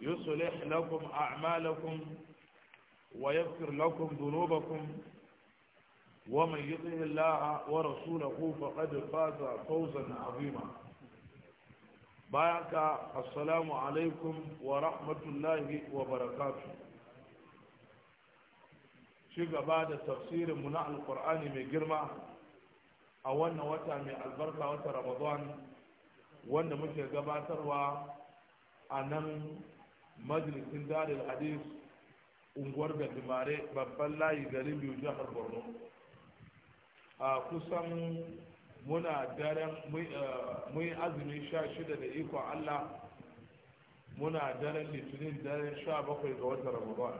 يصلح لكم أعمالكم ويغفر لكم ذنوبكم ومن يطع الله ورسوله فقد فاز فوزا عظيما بارك السلام عليكم ورحمة الله وبركاته شيء بعد تفسير منع القرآن من جرمة أولنا وتا من البركة وتا رمضان وأن مشي قباتر أنم majalisin darul hadis unguwar da dimare babban layi garin biyu jihar borno a kusan muna daren mun eh, azumin sha shida da ikon allah muna daren litinin daren sha bakwai ga watan ramadan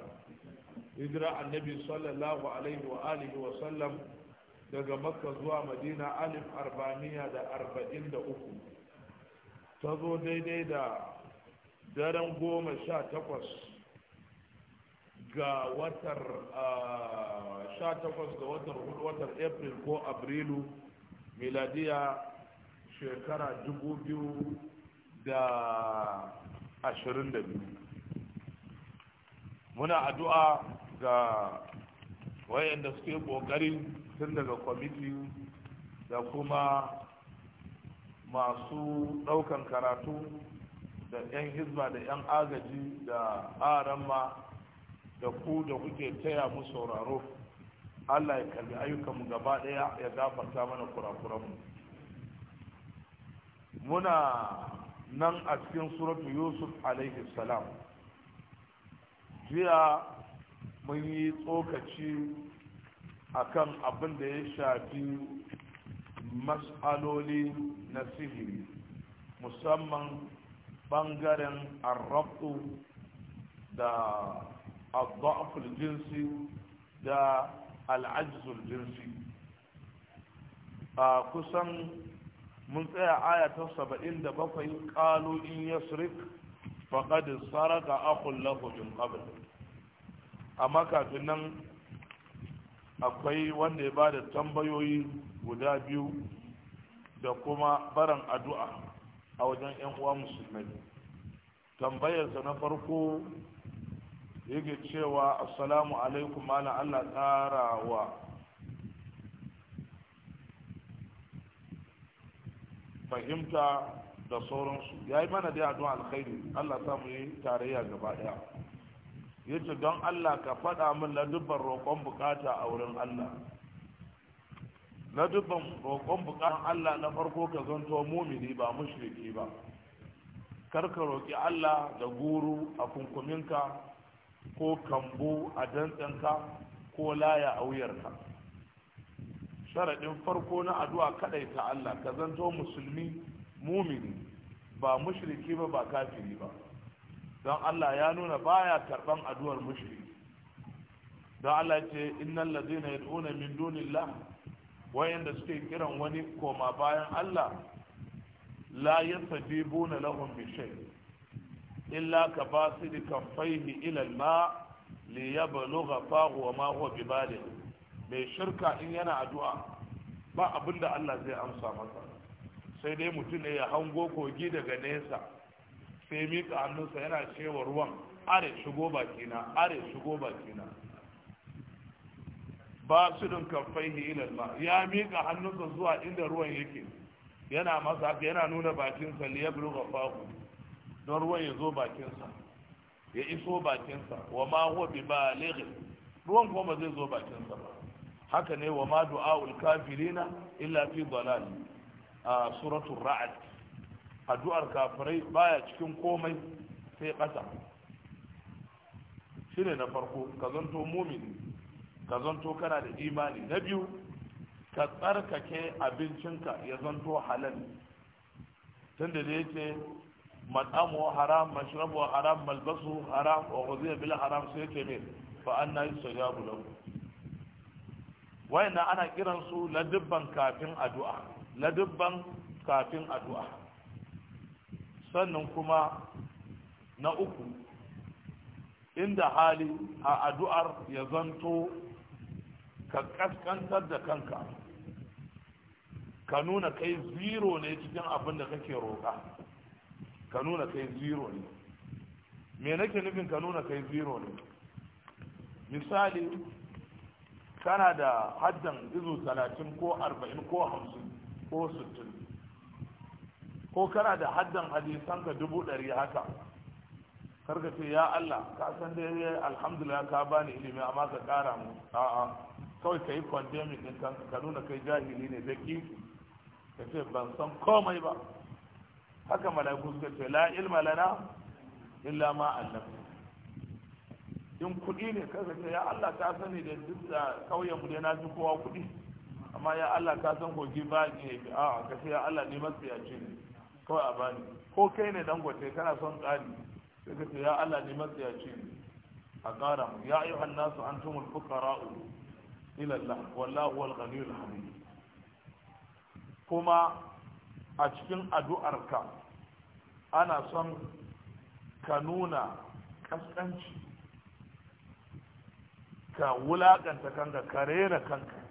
hijira annabi sallallahu alaihi wa alihi wa sallam daga makka zuwa madina alif arba'amiya da arba'in da uku ta zo daidai da daren goma sha takwas ga watar sha takwas ga watar watar april ko abrilu miladiya shekara dubu biyu da ashirin da biyu muna addu'a ga wayanda suke kokari tun daga kwamiti da kuma masu ɗaukan karatu da 'yan hizba da 'yan agaji da arama da ku da kuke taya mu sauraro allah ya kalli ayyukanmu gaba ɗaya ya gafarta mana kurakuranmu muna nan a cikin suratu yusuf alaihi salam jiya mun yi tsokaci akan abin da ya shafi mas'aloli na sihiri musamman Bangaren arrabtu da al jinsi da al'ajizul jinsi a kusan mun tsaya aya saba'in da bakwai ƙalu in yasrik fakadin saraka akun lahu min qabl a nan akwai wanda ya ba da tambayoyi guda biyu da kuma baran addu'a a wajen yan uwa musulmai tambayarsa na farko yake cewa assalamu alaikum malam Allah tsarawa fahimta da sauransu ya yi mana da addu'a alkhairi Allah mu yi tarayya gaba daya yace don Allah ka faɗa min ladubban roƙon bukata a wurin Allah na dubban roƙon buƙatar Allah na farko ka zanto mumini ba mushriki ba kar ka roƙi Allah da guru a kunkuminka ko kambo a dantsanka ko laya a wuyar ka. sharaɗin farko na addu'a kaɗai ta Allah ka zanto musulmi mumini ba mushriki ba ba kafiri ba don Allah ya nuna baya karɓan addu'ar mushriki don Allah ce innal ladina yad'una min dunillahi wayanda suke kiran wani koma bayan Allah la yastajibuna lahum bi shay illa ka basidi kaffaihi ila al-ma li yablugha fahu wa ma huwa bibaligh mai shirka in yana addu'a ba abinda Allah zai amsa masa sai dai mutum ne ya hango kogi daga nesa sai mika hannunsa yana cewa ruwan are shigo bakina are shigo bakina Ba su don kaffaihi ila ba. ya mika hannunsa zuwa inda ruwan yake yana masa haka yana nuna bakinsa bi yablugha fahu don ruwan ya zo bakinsa ya iso bakinsa wa ma huwa bi baligh ruwan kuma zai zo bakinsa ba haka ne wa ma du'aul kafirina illa fi dalal a suratul ra'd addu'ar kafirai baya cikin komai sai Shi shine na farko ka zanto mumini ka zanto kana da imani na biyu ka tsarkake abincinka ya zanto halal tunda da yake mat'amu haram mashrabu haram malbasu haram wa ghuziya bil haram sai yake ne fa anna yustajabu lahu wayanda ana kiran su dubban kafin addu'a dubban kafin addu'a sannan kuma na uku inda hali a addu'ar ya zanto ka kaskantar da kanka ka nuna kai zero ne cikin abin da kake roƙa ka nuna kai zero ne me nake nufin ka nuna kai zero ne misali kana da haddan izu talatin ko arba'in ko hamsin ko sittin ko kana da haddan hadisan ka dubu ɗari haka karka ce ya Allah ka san dai alhamdulillah ka bani ilimi amma ka ƙara mu a'a kawai ka yi pandemic din ka nuna kai jahili ne da kiki ka ce ban san komai ba haka mala'iku suka ce la ilma lana illa ma allamta in kudi ne ka ce ya Allah ka sani da duk da kauyen mu na ji kowa kuɗi amma ya Allah ka san kogi ba ne a ka ce ya Allah ne masiyaci ne kawai a bani ko kai ne dangote kana son tsari sai ka ce ya Allah ne masiyaci ne a ƙara mu ya ayyuhan nasu antumul fuqara'u ila wallahu wal ghaniyul hamid kuma a cikin addu'arka ana son ka nuna kaskanci ka wulakanta kanka ka rera kanka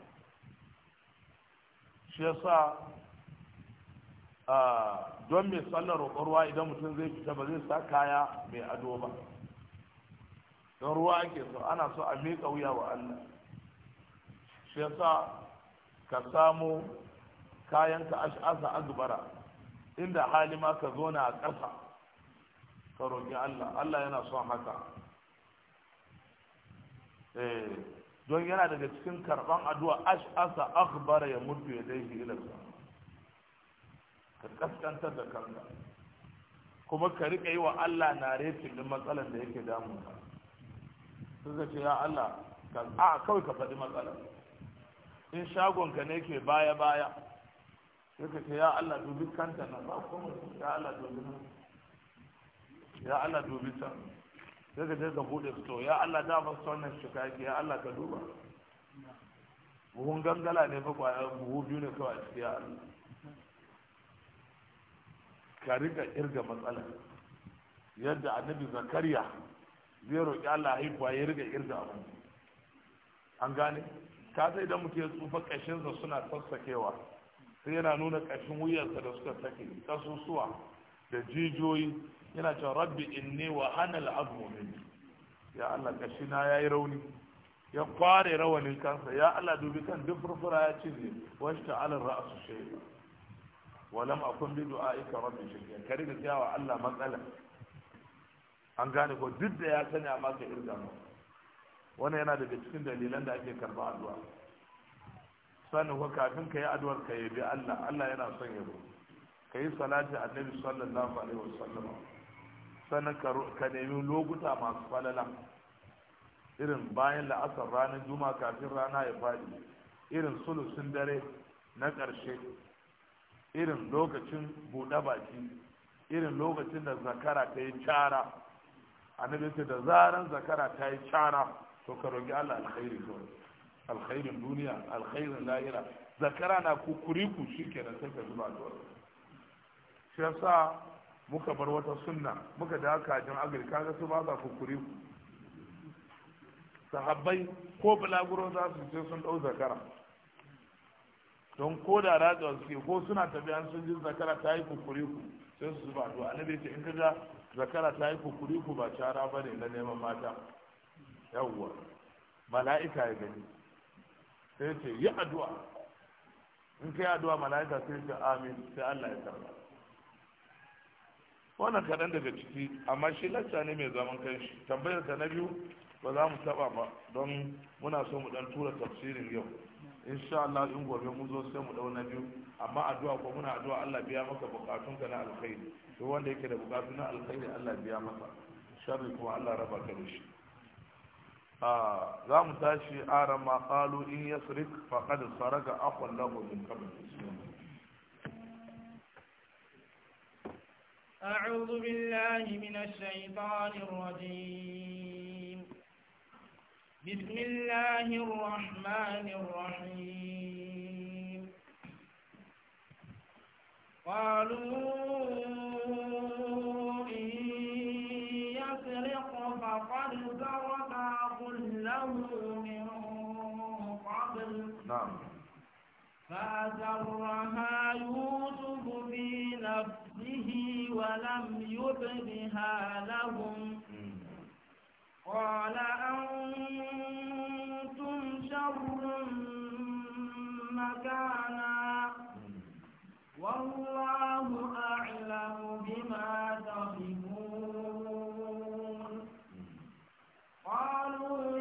shi yasa don mai sallar roƙon ruwa idan mutum zai fita ba zai sa kaya mai ado ba don ruwa ake so ana so a miƙa wuya wa Allah shi yasa ka samu kayanka ash'asa agbara inda hali ma ka zo na a ƙasa ka roƙi Allah Allah yana son haka eh, don yana daga cikin karban addu'a ash'asa agbara ya mutu ya dai shi ilarsa ka kaskanta da kanka kuma ka riƙa yi wa Allah na reti din matsalar da yake ka, sai ka ce ya Allah a kawai ka faɗi matsalar in shagonka ne ke baya baya sai ka ce ya Allah dubi kanta na ba kuma ya Allah dubi nan ya Allah dubi can sai ka je ka bude fito ya Allah da ba son nan shi yake ya Allah ka duba buhun gangala ne fa kwaya buhu biyu ne kawai a cikin Allah ka rika irga matsalar yadda annabi zakariya zai roƙi Allah haihuwa ya riga irga abu an gane ka sai idan muke tsufa sa suna sassakewa sai yana nuna ƙashin wuyarsa da suka sake kasusuwa da jijiyoyi yana cewa rabbi inni wa hana al'azmu minni ya Allah ya yayi rauni ya kware rawanin kansa ya Allah dubi kan duk furfura ya ne washta ala ra'su shay'a wa lam akun bi du'aika rabbi shay'a kare da yawa Allah matsala an gane ko duk da ya sani amma ka irga mu wannan yana daga cikin dalilan da ake karba addu'a sannan ko kafin ka yi addu'ar ka yabi Allah Allah yana son yabo ka yi salati annabi sallallahu alaihi wasallam sannan ka nemi lokuta masu falala irin bayan la'asar ranar juma'a kafin rana ya faɗi irin sulusun dare na ƙarshe irin lokacin buɗe baki irin lokacin da zakara ta yi cara annabi ce da zaran zakara ta yi cara to ka roƙi Allah alkhairi kawai alkhairin duniya alkhairin lahira zakara na kukuriku shikenan sai ka zuba da wani shi yasa muka bar wata sunna muka da kajin agri kaga su ba za kukuriku sahabbai ko bulaguro za su ce sun dau zakara don ko da ratsa suke ko suna tafiya sun ji zakara ta yi kukuriku sai su zuba da annabi ce in kaga zakara ta yi kukuriku ba cara bane na neman mata yawwa mala'ika ya gani sai ce yi addu'a in kai addu'a mala'ika sai ce amin sai Allah ya karba wannan kaɗan daga ciki amma shi lacca ne mai zaman kanshi tambayar ta na biyu ba za mu taba ba don muna so mu dan tura tafsirin yau insha Allah in gobe mu zo sai mu dau na biyu amma addu'a ko muna addu'a Allah biya maka bukatun ka na alkhairi to wanda yake da bukatun na alkhairi Allah biya masa sharri kuma Allah raba ka da shi za mu tashi aran ma qalu in yasrik faqad saraka akhun lahu min qabl أعوذ بالله من الشيطان الرجيم بسم الله الرحمن الرحيم قالوا نعم يوسف في نفسه ولم يبدها لهم قال أنتم شر مكانا والله أعلم بما تصفون قالوا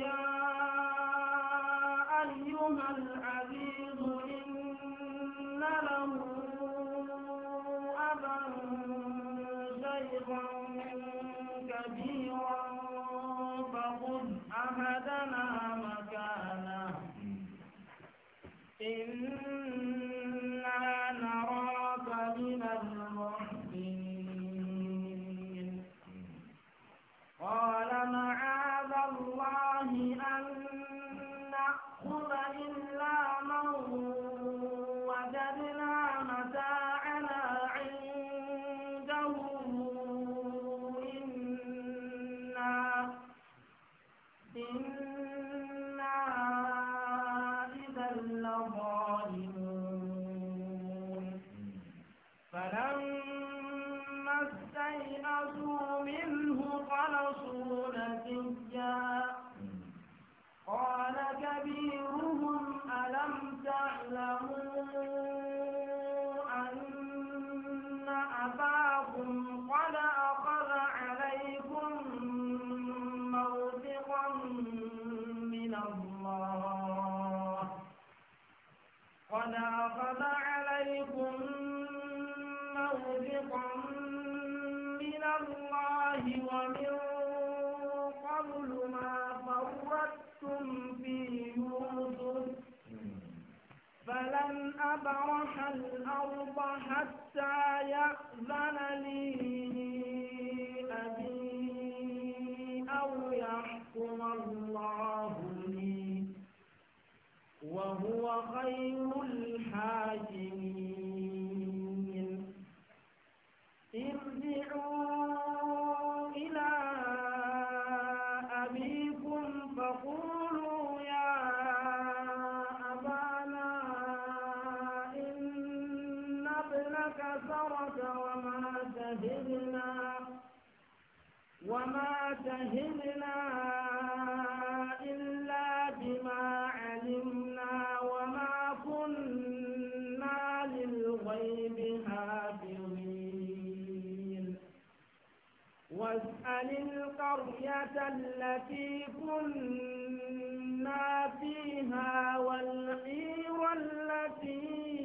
القرية التي كنا فيها والعير التي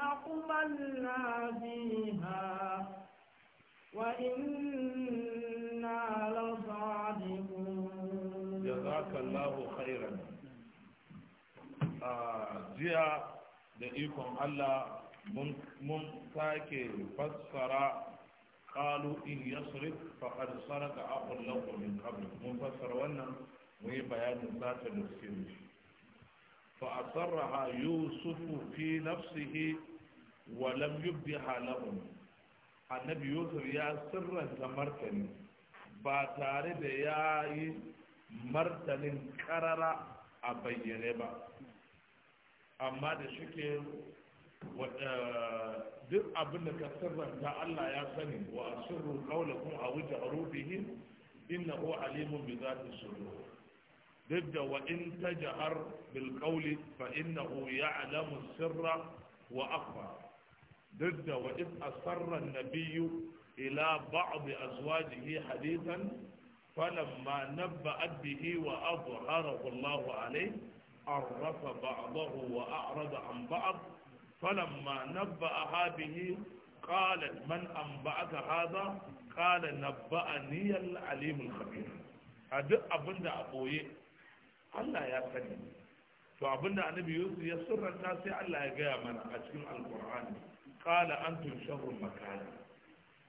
أقبلنا فيها وإنا لصادقون جزاك الله خيرا jiya da ikon Allah mun sake fassara قالوا إن يصرف فقد سرق أخ له من قبل منفسر wannan mu yi bayanin zata da sirri فأصرها يوسف في نفسه ولم يبدها لهم النبي يوسف يا سرا كمرتني ba tare da ya yi martanin karara a bayyane ba amma da shike duk abin da ka sirranta Allah ya sani wa sirru qawlakum aw ja'ru bihi innahu alimun bi dhati sudur duk da wa in tajhar bil qawli fa innahu ya'lamu sirra wa akhfa duk da wa in asarra an-nabiyyu ila ba'd azwajihi hadithan فلما نبأت به وأظهره الله عليه عرف بعضه وأعرض عن بعض فلما نبأها به قالت من أنبأك هذا قال نبأني العليم الخبير هذا أبن أبوي الله يا سني فأبن النبي يوسف يسر الناس الله يا من أشكم القرآن قال أنتم شر مكان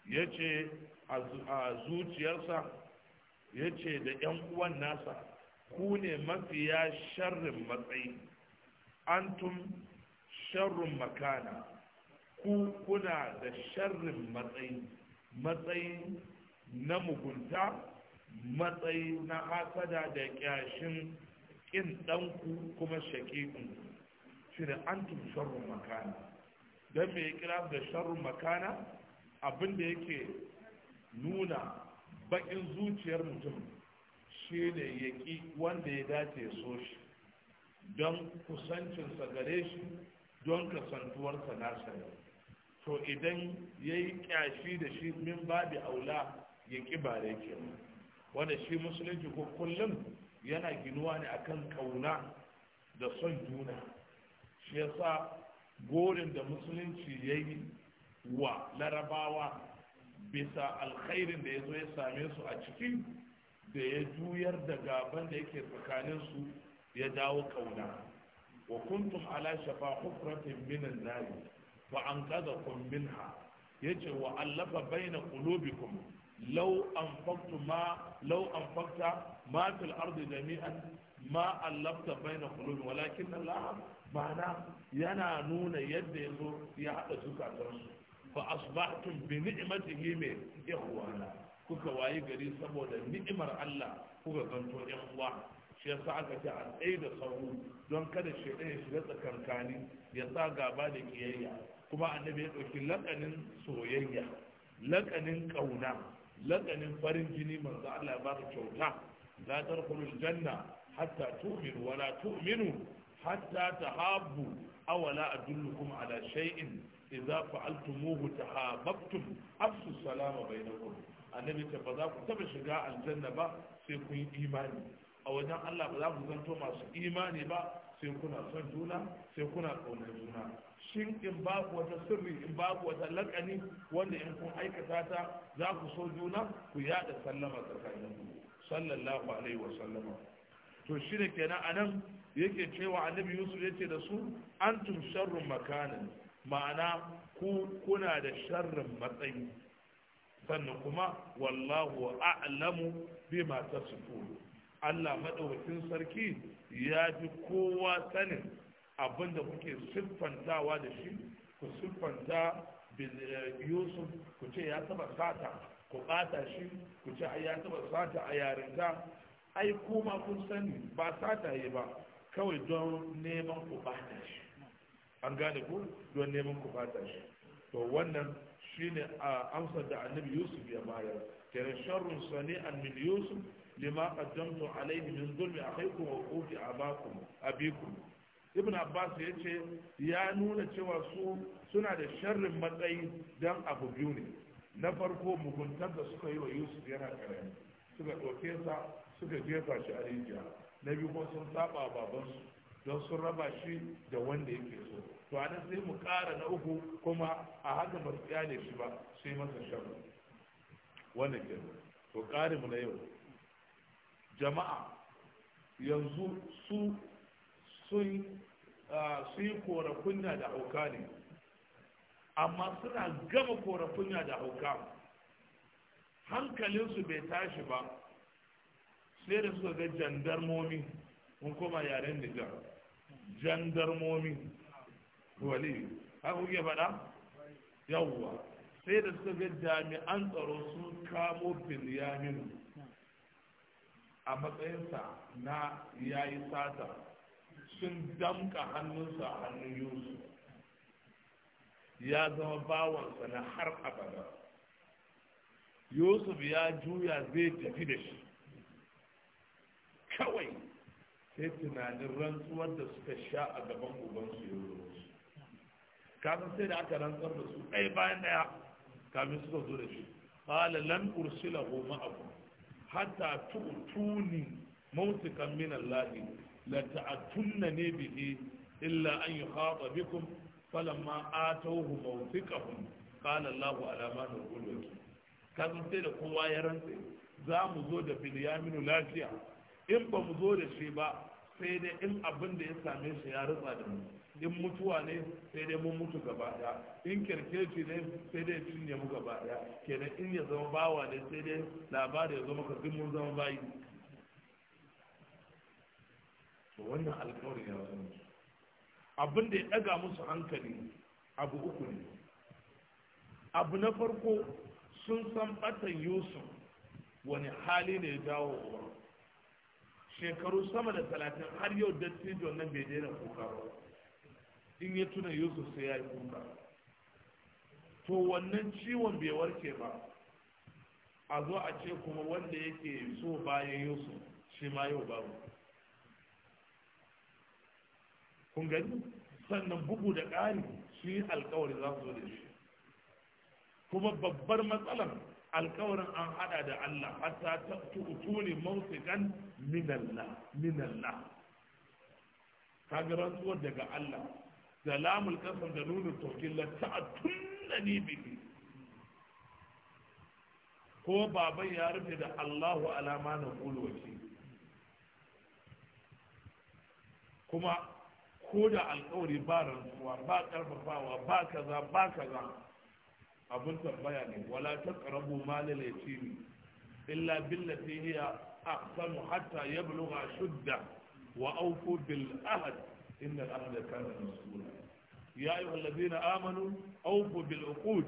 yace a zuciyarsa yace da 'yan uwan nasa ku ne mafiya sharrin matsayi antum sharrun makana ku kuna da sharrin matsayi matsayi na mugunta matsayi na hasada da kyashin kin ɗanku kuma shakiku shi da antum makana don me kira da sharrun makana abin da yake nuna bakin zuciyar mutum shi ne yaƙi wanda ya dace so shi don kusancinsa gare shi don kasantuwarsa na ne to idan ya yi kyashi da shi min babi aula ya ƙi bare ke wanda shi musulunci ko kullum yana ginuwa ne akan kauna da son juna shi yasa gorin da musulunci ya yi wa larabawa bisa alkhairin da ya zo ya same su a ciki da ya juyar da gaban da yake tsakaninsu ya dawo kauna wa kuntum ala shafa hufratin minan nari fa anqadhakum minha yace wa allafa baina qulubikum law anfaqtu ma law ma fil ardi jami'an ma allafta baina qulubi walakin Allah ma'ana yana nuna yadda yazo ya hada zukatansu fa asbahtum bi ni'matihi min ikhwana kuka wayi gari saboda ni'imar Allah kuka ganto yan uwa shi sa aka ce a tsaye da sauru don kada shi ɗaya shiga tsakankani ya sa gaba da kiyayya kuma annabi ya ɗauki lakanin soyayya lakanin ƙauna lakanin farin jini manzo Allah ya baka kyauta la tarkulul janna hatta tu'minu wala tu'minu hatta tahabbu aw la adullukum ala shay'in idza fa'altumuhu tahabbtum afsu salama bainakum annabi ta ba za ku taba shiga aljanna ba sai kun imani a wajen Allah ba za ku zanto masu imani ba sai kuna son juna sai kuna ƙaunar juna shin in babu wata sirri in babu wata lakani wanda in kun aikata ta za ku so juna ku yada sallama tsakanin ku sallallahu alaihi wa sallama to shine kenan anan yake cewa annabi yusuf yace da su antum sharrun makanan ma'ana ku kuna da sharrin matsayi sannan kuma wallahu a'lamu bima tasifun Allah maɗaukacin sarki ya fi kowa sanin abin da kuke siffantawa da shi ku siffanta eh, yusuf ku ce ya taba sata ku ɓata shi ku ce ya taba sata a yarinta ai kuma kun sani ba sata yi ba kawai don neman ku ɓata shi an gane ku don neman ku ɓata shi to wannan shine a ah, amsar da annabi yusuf ya bayar kenan sharrun sani an min yusuf lima qaddamtu alayhi min zulmi akhikum wa uqi abakum abikum ibn abbas ya ce ya nuna cewa su suna da sharrin matsayi dan abu biyu ne na farko muguntar da suka yi wa yusuf yana karami suka ɗauke sa suka jefa shi a rijiya na biyu kuma sun saba babansu don sun raba shi da wanda yake so to a nan sai mu kara na uku kuma a haka ba su kyale shi ba sai masa sharri wannan kenan to kare mu na yau jama'a yanzu su sun ah, su yi korafunya da hauka ne amma suna gama korafunya da hauka hankalinsu bai tashi ba sai da suka ga jandarmomi mun koma yaren nijar jandarmomi wali haka kuke faɗa yawwa sai da suka ga jami'an tsaro sun kamo bilyamin a matsayinsa na ya yi sata sun damka hannunsa a hannun yusuf ya zama bawansa na har abada yusuf ya juya zai tafi da shi kawai sai tunanin rantsuwar da suka sha a gaban ubansu ya zo kafin sai da aka rantsar da su ɗaya bayan ɗaya kamin suka zo da shi qala lan goma abu hatta tu'tuni mawtikan min Allah la ta'tunna ne bihi illa an yukhata bikum falamma atawhu mawsikahum qala Allah ala ma nuqulu kazan sai da kowa ya rantse za mu zo da bilyaminu lafiya in ba mu zo da shi ba sai dai in abin da ya same shi ya rutsa da mu in mutuwa ne sai dai mun mutu gaba ɗaya. in kirkeci ne sai dai tun ne mu gaba ɗaya. kenan in ya zama bawa ne sai dai labari ya zama kafin mun zama bayi to wannan alƙawarin ya zama abin da ya ɗaga musu hankali abu uku ne abu na farko sun san batan yusuf wani hali ne ya jawo shekaru sama da talatin har yau dattijon nan bai daina kuka ba in ya tuna yusuf sai ya yi kuka to wannan ciwon bai warke ba a zo a ce kuma wanda yake so bayan yusuf shi ma yau babu kun gani sannan bugu da ƙari shi alkawari za su zo da shi kuma babbar matsalar alkawarin an hada da Allah hatta ta tutuni mawsiqan min Allah min Allah kaga rantsuwar daga Allah salamul kasam da nunu tawkil la ta'tunni bihi ko baban ya rufe da Allahu alama na kulwaci ko da alkawari ba rantsuwa ba karfafawa ba kaza ba kaza abun tambaya ne wala taqrabu malal yatimi illa billati hiya ahsanu hatta yablugha shudda wa awfu bil ahd inna al ahda kana mas'ula يا أيها الذين آمنوا أوفوا بالعقود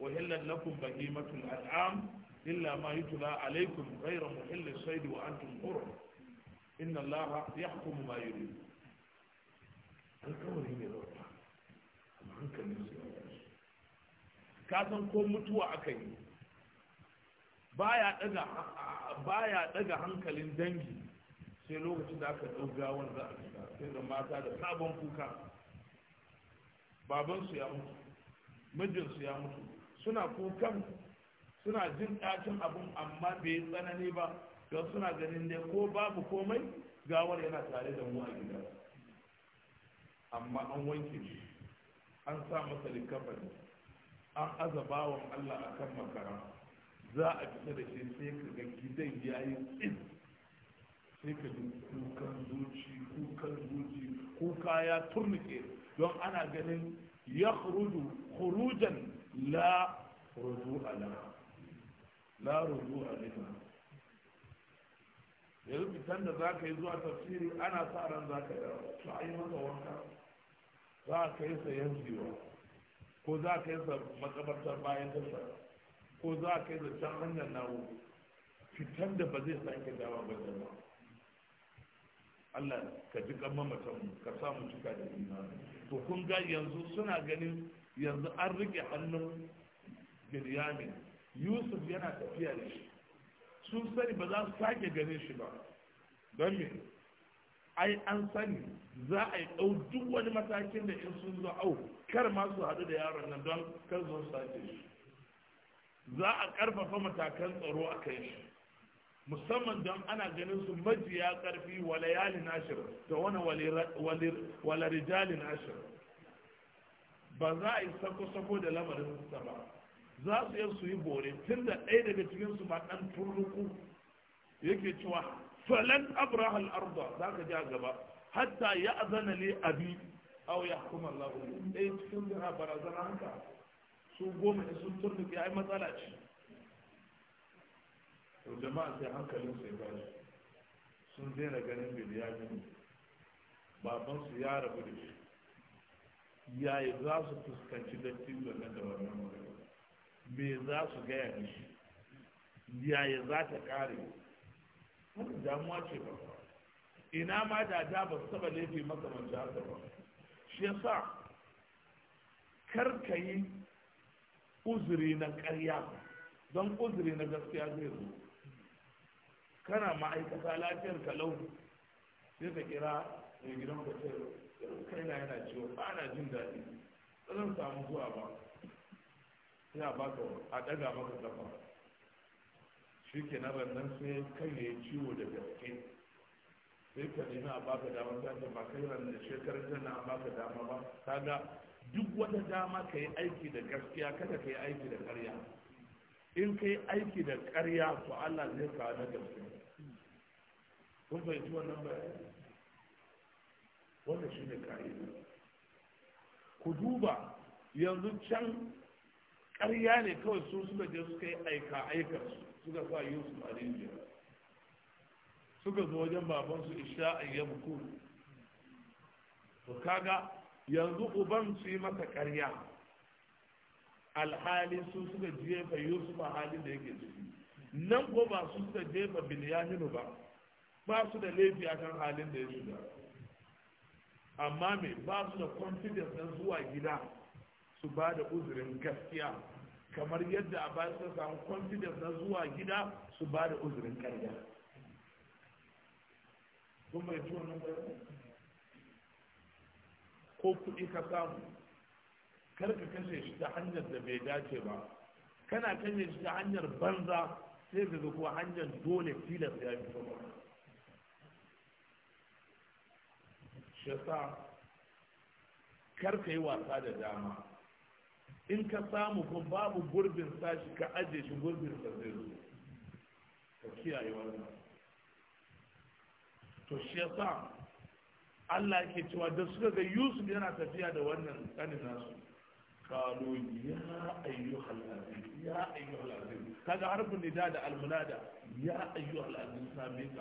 وهلت لكم بهيمة الأنعام إلا ما يتلى عليكم غير محل الصيد وأنتم حرم إن الله يحكم ما يريد alkawari ne zauta ya yi ka san ko mutuwa aka yi baya daga hankalin dangi sai lokacin da aka ɗau gawan za a fita sai da mata da sabon kuka babansu ya mutu mijinsu ya mutu suna kukan suna jin ɗacin abin amma bai tsanani ba don suna ganin ne ko babu komai gawar yana tare da mu a gida amma an wanke shi an sa masa likafa an azabawan allah a kan makara za a fita da shi sai ka ga gidan ya yi tsin sai ka ji kukan zuci kukan zuci kuka ya turnike don ana ganin ya khuruju khurujan la rudu ala la rudu alaiha yanzu fitan da za ka yi zuwa tafsiri ana sa ran za ka su a yi masa wanka za ka yi sayan ziwa ko za ka yi sa makabartar bayan tasha ko za ka yi sa can hanyar nawo fitan da ba zai sake dawa ba jama'a Allah ka ji kamar mamatan ka samu cika da imani to kun ga yanzu suna ganin yanzu an rike hannun biryani Yusuf yana tafiya da shi sun sani ba za su sake ganin shi ba don me ai an sani za a yi ɗau duk wani matakin da in sun zo au kar ma su haɗu da yaron nan don kar zo su sake shi za a ƙarfafa matakan tsaro a kai shi musamman don ana ganin su majiya karfi wala yali ashir da wani wala rijali ashir ba za a yi sako-sako da lamarin sa ba za su yi su yi bore tun da ɗaya daga cikin su ba ɗan turruku yake cewa falan abrahal arba za ka ji a gaba hatta ya azana li abi aw ya hukuma Allah ɗaya cikin barazana haka su goma sun ya yi matsala ce to jama'a sai hankalin sai ba sun daina ganin baban babansu ya rabu da shi yayi za su fuskanci dattin da nan da wannan me za su gaya da shi? yaya za ta kare wani damuwa ce ba ina ma da da ba su taba laifi makamanci haka ba shi yasa kar ka yi uzuri na karya. don uzuri na gaskiya zai zo kana ma'aikata lafiyar kalau sai ka kira mai gidan hotel irin kai na yana ciwo ba na jin daɗi ba zan samu zuwa ba sai a baka a ɗaga maka kafa shi ke na rannan sai kai ne ciwo da gaske sai ka nemi a baka dama ta ce ba kai ran da shekarar tana ba baka dama ba Ta ga duk wata dama ka yi aiki da gaskiya kada ka yi aiki da karya in kai aiki da ƙarya to Allah zai ka na gaske kun fahimci wannan bayani wannan shi ne ka'ida ku duba yanzu can ƙarya ne kawai su suka je suka yi aika aika suka sa yusuf a rijiya suka zo wajen babansu isha a yamku to kaga yanzu uban su yi maka ƙarya alhali su suka jefa yusuf a halin da yake ciki nan ko ba su suka jefa bilyaminu ba ba su da laifi a kan halin da ya shiga amma me ba su da confidence na zuwa gida su ba da uzurin gaskiya kamar yadda a ba su samu confidence na zuwa gida su ba da uzurin karya ko kuɗi ka samu karka kashe shi ta hanyar da bai dace ba kana kashe shi ta hanyar banza sai ka kuwa hanyar dole filar ya fi sama shi sa kar ka yi wasa da dama in ka samu kuma babu gurbin sashi ka aje shi gurbin sa zai zo ka kiyaye wannan to shi yasa Allah ke cewa da suka ga Yusuf yana tafiya da wannan tsanin nasu قالوا يا أيها العزيز يا أيها العزيز هذا عرب النداء المنادى يا أيها العزيز ساميك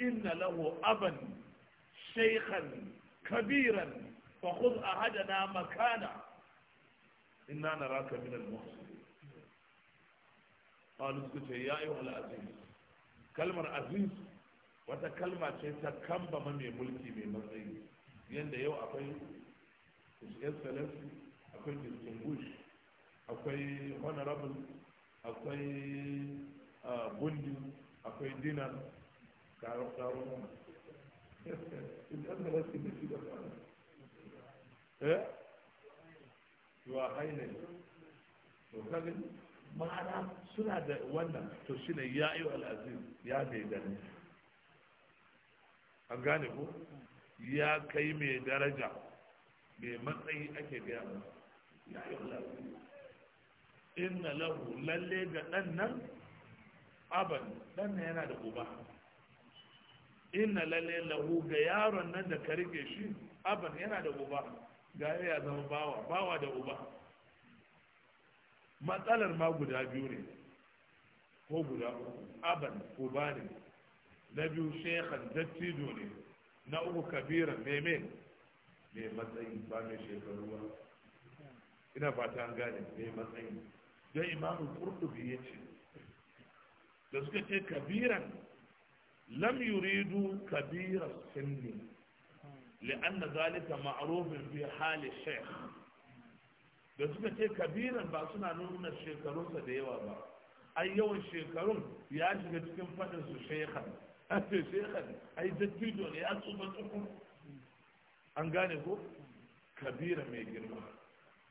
إن له أبا شيخا كبيرا فخذ أحدنا مكانا إنا نراك من المحسنين قالوا اسكت يا أيها العزيز كلمة أزيز وتكلمة تكمب من ملكي من مرضي يند يو أقول His akwai distinguish akwai honorable akwai bundi akwai dinar karo karo idan da rasu da shi da fara eh yuwa haine to kaga ma'ana suna da wannan to shi ne ya yi al'aziz ya mai gani an gane ko ya kai mai daraja mai matsayi ake gaya masa inna lahu lalle ga ɗannan, nan aban dan yana da uba inna lalle lahu ga yaron nan da ka rike shi aban yana da uba ga ya zama bawa bawa da uba matsalar ma guda biyu ne ko guda abin aban uba ne na biyu shekhan dattijo ne na uku kabiran meme mai matsayi ba mai shekaru ba ina fata an gane mai matsayi don imamu kurdubi ya ce da suka ce kabiran lam yuridu kabirar sinni li'anna zalika ma'rufin fi hali sheikh da suka ce kabiran ba suna nuna shekarunsa da yawa ba ai yawan shekarun ya shiga cikin fadin su shekhan ake shekhan ai dattijo ne ya tsufa tsukun an gane ko kabira mai girma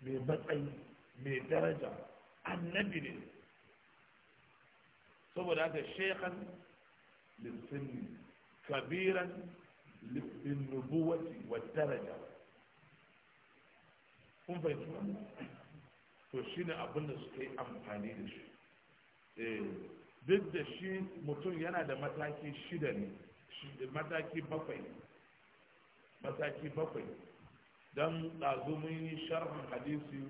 mai matsayi mai daraja annabi ne saboda haka shekhan lissinni kabiran lissin nubuwati wa daraja kun fahimci wannan to shi ne abin suka yi amfani da shi eh, duk da shi mutum yana da mataki shida ne mataki bakwai mataki bakwai dan ɗazu mun yi sharhin hadisi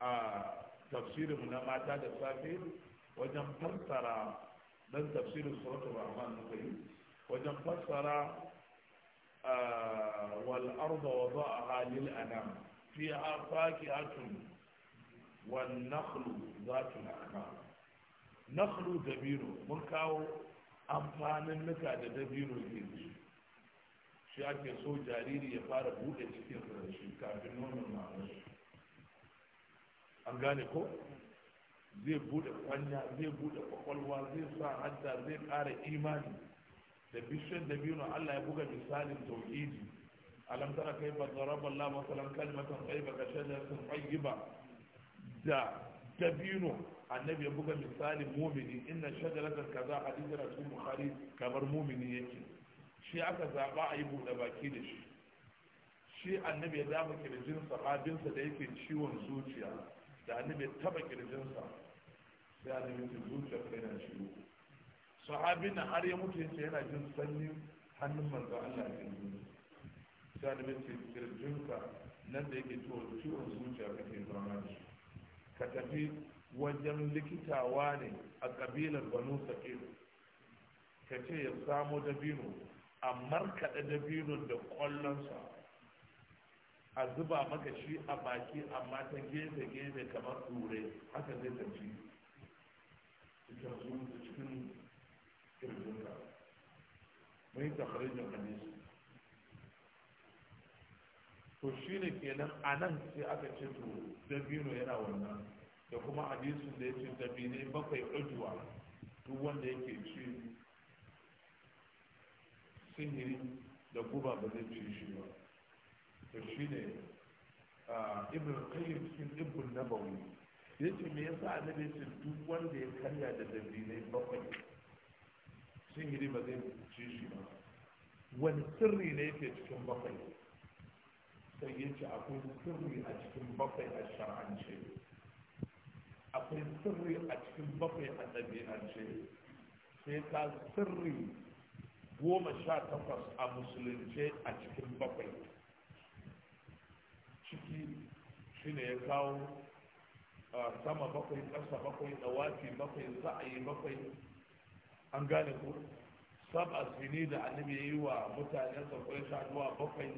a tafsirinmu na mata da safe wajen fassara dan tafsirin suratul rahman muka yi wajen fassara wal arda wada'aha lil anam fiha fakihatun wan nakhlu zatul akmam nakhlu dabiru mun kawo amfanin nuka da dabiru ke shi ake so jariri ya fara buɗe cikin da shi kafin nonon mamar an gane ko zai buɗe kwanya zai bude kwakwalwa zai sa hanta zai kara imani da bishiyar da biyu Allah ya buga misalin tauhidi alam tara kai ba zaraba Allah masalan kalmatan tsayiba ka shajaratin tsayiba da dabino annabi ya buga misalin mumini inna shajaratan kaza a na cikin bukhari kamar mumini yake shi aka zaɓa a yi buɗe baki da shi shi annabi ya dama kirjinsa abinsa da yake ciwon zuciya da annabi ya taba kirjinsa sai annabi ya zuciya kai na ciwo sahabin na har ya mutu yace yana jin sanyin hannun manzon Allah ya yi sai annabi ya kirjinka nan da yake ciwon ciwon zuciya kake zama shi ka tafi wajen likitawa ne a kabilar banu sa'id ka ce ya samo dabino a markaɗa dabinon da ƙwallonsa a zuba maka shi a baki amma ta gefe-gefe kamar ɗure haka zai tafi ita zuwa cikin ƙirjinka mai takarijin hadisi to shi ne kenan a nan sai aka ce to dabino yana wannan da kuma hadisin da ya ce ne bakwai ɗajuwa duk wanda yake ci sihiri da guba ba zai ci shi ba to shi ne ibn qayyim cikin ibn nabawi yace me yasa annabi ya duk wanda ya karya da dalilai bakwai sihiri ba zai ci shi ba wani sirri ne yake cikin bakwai sai ya ce akwai sirri a cikin bakwai a shar'ance akwai sirri a cikin bakwai a ɗabi'ance sai ka sirri goma sha takwas a musulunce a cikin bakwai ciki shi ne ya kawo sama bakwai ƙasa bakwai wafi bakwai za'ayi bakwai an gane ku saba sini da annabi ya yi wa mutanen sakwai zuwa bakwai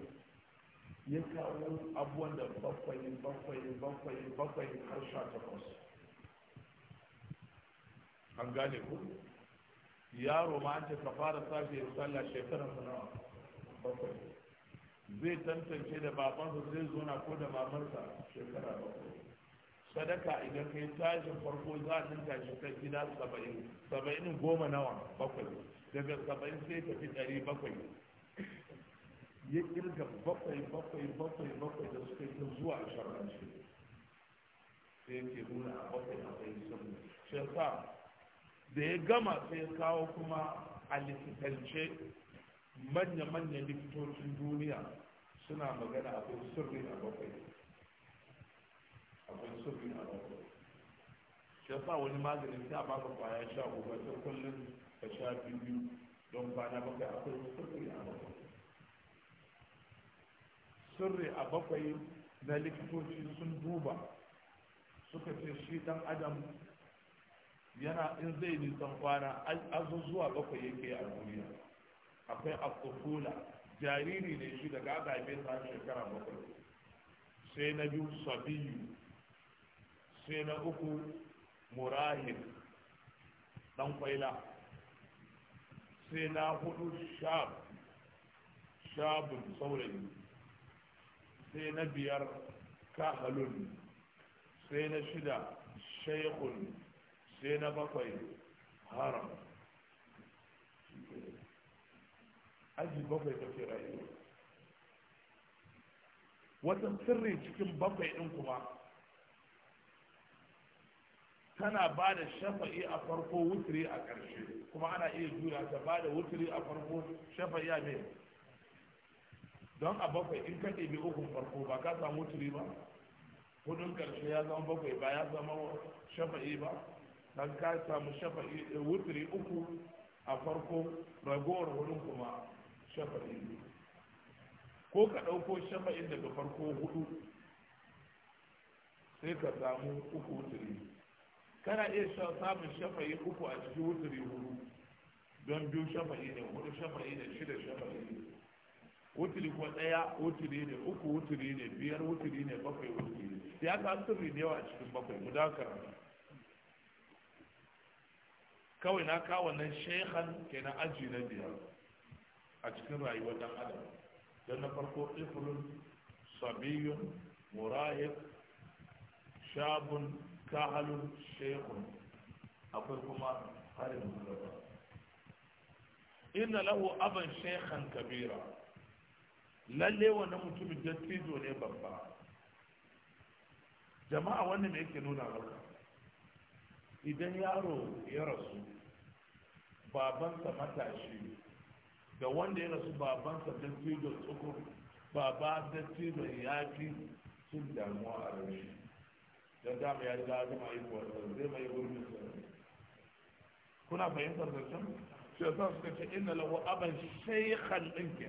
ya kawo abuwan da bakwai bakwai bakwai bakwai har sha takwas an gane ku yaro ma an ce ka fara sashi ya shekarar sa nawa bakwai zai tantance da babansa zai zo na ko da mamarsa shekara bakwai sadaka idan kai tashin farko za a ninka shi ta gida saba'in saba'in goma nawa bakwai daga saba'in sai tafi ɗari bakwai ya kirga bakwai bakwai bakwai bakwai da suka yi zuwa a sai ke nuna a bakwai a tsayin sabu shi sa. da ya gama sai ya kawo kuma a likitance manya-manyan likitocin duniya suna magana akwai sirri a bakwai akwai sirri a bakwai shi yasa wani maganin ta baka kwaya sha goma ta kullum ka sha biyu don kwana bakwai akwai sirri a bakwai sirri a bakwai na likitoci sun duba suka ce shi dan adam yana in zai nisan kwana azuzuwa bakwai yake a duniya akwai akufula jariri ne shi daga aka ta sa shekara bakwai sai na biyu sabiyu sai na uku murahin dan kwaila sai na hudu shab shabun saurayi sai na biyar kahalun sai na shida shaikun sai na bakwai haram aji bakwai take rayu wajen sirri cikin bakwai ɗin kuma tana ba da shafa'i a farko wuturi a ƙarshe kuma ana iya jura ta ba da wuturi a farko shafa'i a ne don a bakwai in ka ɗebi ukun farko ba ka samu wuturi ba kudin ƙarshe ya zama bakwai ba ya zama shafa'i ba kan ka samu shafa'i eh, wutri uku a farko ragowar wurin kuma shafa'i ne ko ka ɗauko shafa'in daga farko hudu sai ka samu uku wutri kana iya samun shafa'i uku a cikin wutri hudu don biyu shafa'i ne hudu shafa'i ne shida shafa'i ne wuturi ko ɗaya wuturi ne uku wuturi ne biyar wuturi ne bakwai wuturi ne ya ka sirri da yawa a cikin bakwai mu dakar kawai na kawo wannan shekhan ke na aji na biyar a cikin rayuwar dan adam don na farko ifrun sabiyun murahib shabun kahalun shekhun akwai kuma harin musulma inna lahu aban shekhan kabira lalle na mutumin dattijo ne babba jama'a wannan me yake nuna maka idan yaro ya rasu babansa matashi da wanda ya rasu babansa dattijo tsukur baba dattijo ya fi sun damuwa a rashi don dama ya riga zama yi kwasan zai mai gurbin sa kuna fahimtar da can shi ya sa suka ce ina lagu aban shaykhan din ke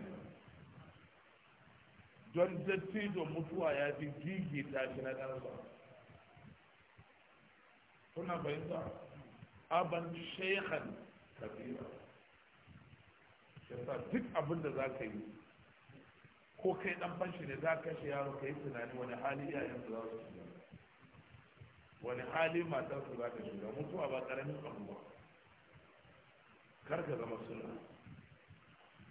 don dattijo mutuwa ya fi gigita shi na ɗansa kuna fahimta aban shekhan kabira yasa duk abin da za ka yi ko kai dan fanshi ne za ka yaro ka yi tunani wani hali iyayen su za su shiga wani hali matar su za ka shiga mutuwa ba karamin abu ba kar ka zama suna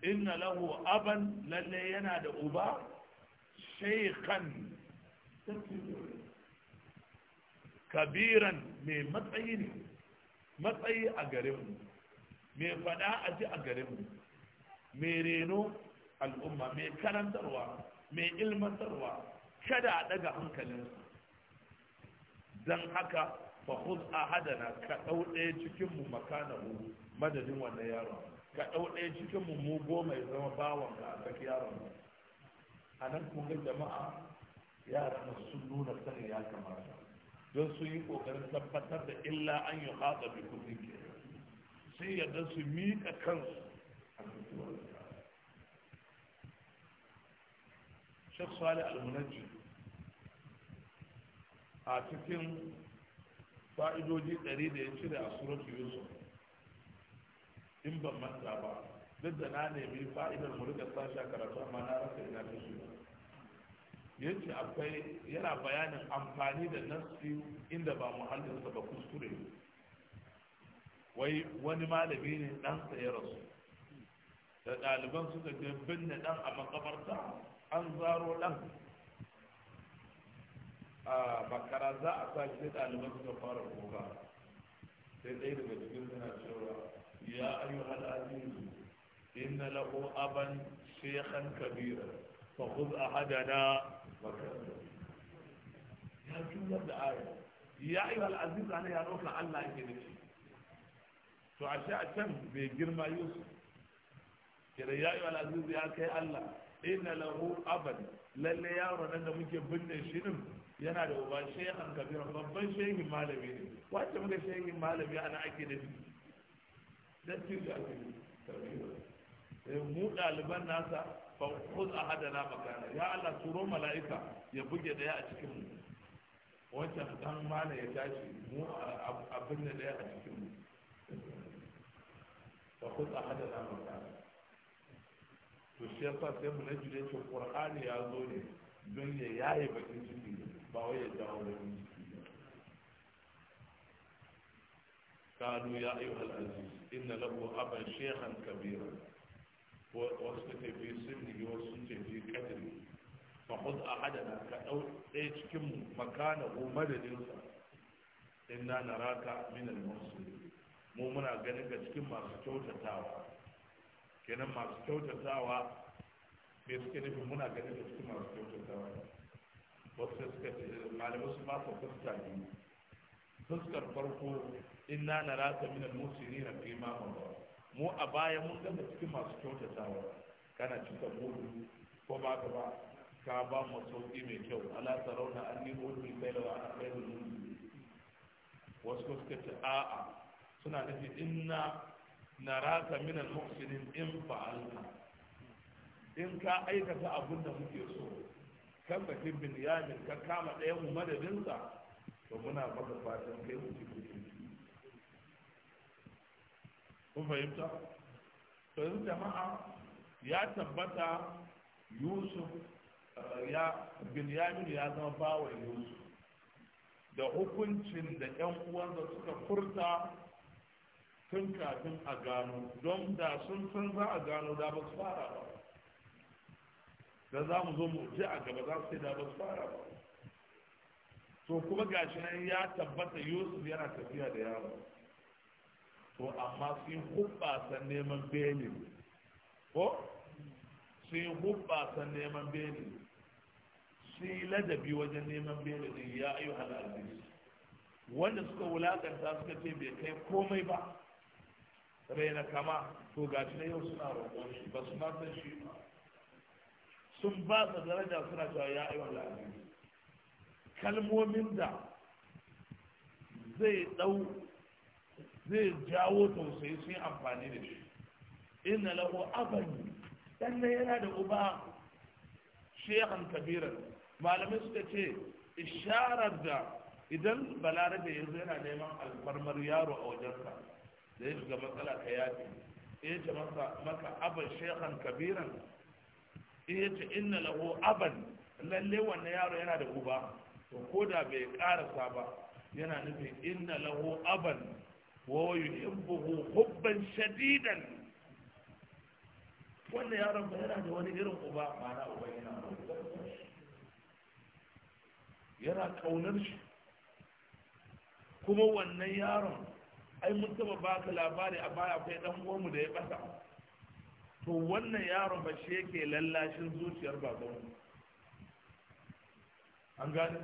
inna lahu aban lalle yana da uba shaykhan tattijo kabiran mai matsayi ne matsayi a garinmu mai fada a ji a garinmu mai reno al'umma mai karantarwa mai ilmantarwa kada a daga hankalinsu. don haka fahuz a hadana ka ɗau ɗaya cikinmu makanahu madadin wannan yaron ka ɗau ɗaya cikinmu mu goma ya zama bawanka a saki yaron a nan kuma jama'a yaran sun nuna sanin ya kamata don sun yi kokarin tabbatar da illa an yi haɗa bi kudin ke sai yadda su miƙa kansu a fitowar shek sali almunajji a cikin fa'idoji ɗari da ya cire a surat yusuf in ban manta ba duk da na nemi fa'idar mu rika karatu amma na rasa ina fi ba yace akwai yana bayanin amfani da nassi inda ba muhallinsa ba kuskure wai wani malami ne ɗansa ya rasu da ɗaliban suka je binne ɗan a makabarta an zaro ɗan a bakara za a sa shi ɗaliban suka fara kuka sai ɗaya daga cikin suna cewa ya ayyu al'azizu inna lahu aban shekhan kabira fa khudh ahadana ya juyar da aya ya yi al'aziz ana ya ɗauka Allah ake shi. to a sha a can bai girma Yusuf kira ya yi al'aziz ya kai Allah inna lahu abad lalle yaro nan da muke binne shi din yana da uba shehan kabira babban shehin malami ne wace muka shehin malami ana ake da nufi dattin da ake da shi. mu ɗaliban nasa fa khudh ahadana makana ya Allah turo mala'ika ya buge daya a cikin mu wancan dan mala ya tashi mu abin da daya a cikin mu fa khudh ahadana makana to shi yasa sai mu naji da cewa qur'ani ya zo ne don ya yaye bakin ciki ba wai ya jawo bakin ciki قالوا يا أيها العزيز إن له أبا شيخا كبيرا wasu ka ce fi sirri wasu sun ce fi kadiri fa khudh ahadana ka dau ɗaya cikin makana ko madadinsa inna naraka min al-muslimin mu muna ganin ga cikin masu kyautatawa kenan masu kyautatawa me suke nufin muna ganin ga cikin masu kyautatawa wasu suka ce malamai su ba su fuska biyu fuskar farko inna naraka min al-muslimin fi ma mu a baya mun gama cikin masu kyautata wa kana cika gudu ko ba ka ba ka ba mu sauki mai kyau ala sarauna an ni gudu sai da ana kai da wasu ko suka ce a'a suna nufi inna na min al-muhsinin in fa'alta in ka aikata abin da muke so kan bakin bin yamin ka kama ɗayan mu madadinsa to muna baka fatan kai mu cikin kun fahimta to yanzu jama'a ya tabbata yusuf eh, ya binyamin ya zama bawa yusuf da hukuncin da yan uwansa suka furta tun kafin a gano don da sun san za a gano da ba su fara ba da za mu zo mu je a gaba za su da ba su fara ba to kuma gashi nan ya tabbata yusuf yana tafiya da yaro to amma sun hubbasa neman belin ko sun hubbasa neman belin sai ladabi wajen neman belin ya ayu halalbis wanda suka wulaƙanta suka ce bai kai komai ba raina kama to gashi na yau suna roƙon shi ba su ma san shi ba sun ba sa daraja suna cewa ya ayu halalbis kalmomin da zai ɗau zai jawo tausayi sun amfani da shi inna lahu abani yana da uba shehan kabiran malamai suka ce isharar da idan balarabe yanzu yana neman alfarmar yaro a wajensa da ya shiga matsala ta yaki, ya ce maka aban shehan kabiran ya ce inna lahu aban lalle wannan yaro yana da uba ko da bai karasa ba yana nufin inna lahu aban wa yuhibbuhu hubban shadidan wannan yaron ba yana da wani irin uba mana uba yana kaunar shi kuma wannan yaron ai mun taba baka labari a baya akwai dan uwanmu da ya bata to wannan yaron ba shi yake lallashin zuciyar babanmu an gane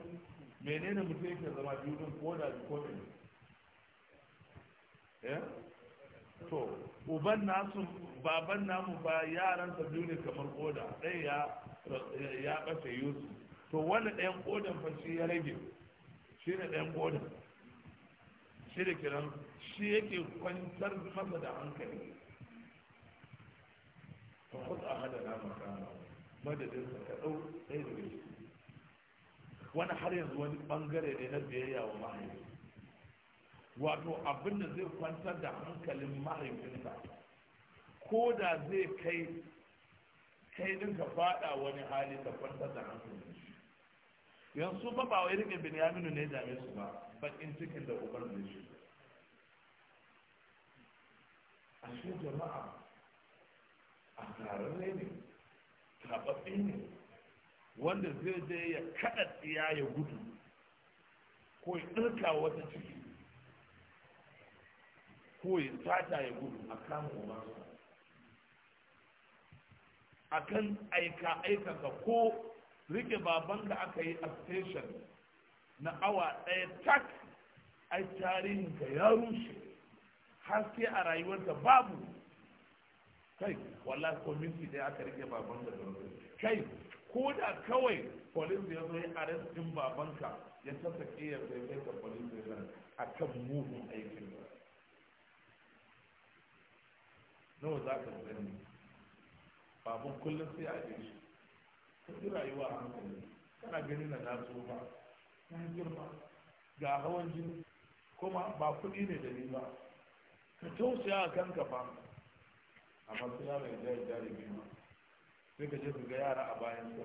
menene mutum yake zama biyu ko da ko ne Eh? to uban nasu baban namu ba yaran sa biyu ne kamar koda ɗaya ya ya ɓace yusuf to wani ɗayan kodan fa shi ya rage shi ne ɗayan kodan shi da kiran shi yake kwantar masa da hankali ka kusa a hada na makana madadin sa ka ɗau ɗaya daga ciki wani har yanzu wani ɓangare ne na biyayya wa mahaifi wato abin da zai kwantar da hankalin mahaifinka ko da zai kai kai din fada wani hali da kwantar da hankalin shi? yanzu ba ba wai rike binyaminu ne dame su ba bakin cikin da ubar da shi a shi jama'a a tararre ne tababbe ne wanda zai je ya kada tsiya ya gudu ko ya ɗirka wata ciki ko ya tata ya gudu a kama umarsa a kan aika aikaka ko rike baban da aka yi a station na awa ɗaya tak ai ka ya rushe haske a rayuwarta babu kai wallahi ko minti ɗaya aka rike baban da kai ko da kawai polis ya zo ya arrest din babanka ya tasa ya zai ya kai ka polis a kan mugun aikin ba nawa za ka ne babun kullum sai a ta fi rayuwa a hankali kana gani na naso ba yi girma ga hawan jini kuma ba kuɗi ne da ni ba ka tausaya a ka ba amma sai yaro ya jari jari biyu sai ka je ka ga yara a bayan sa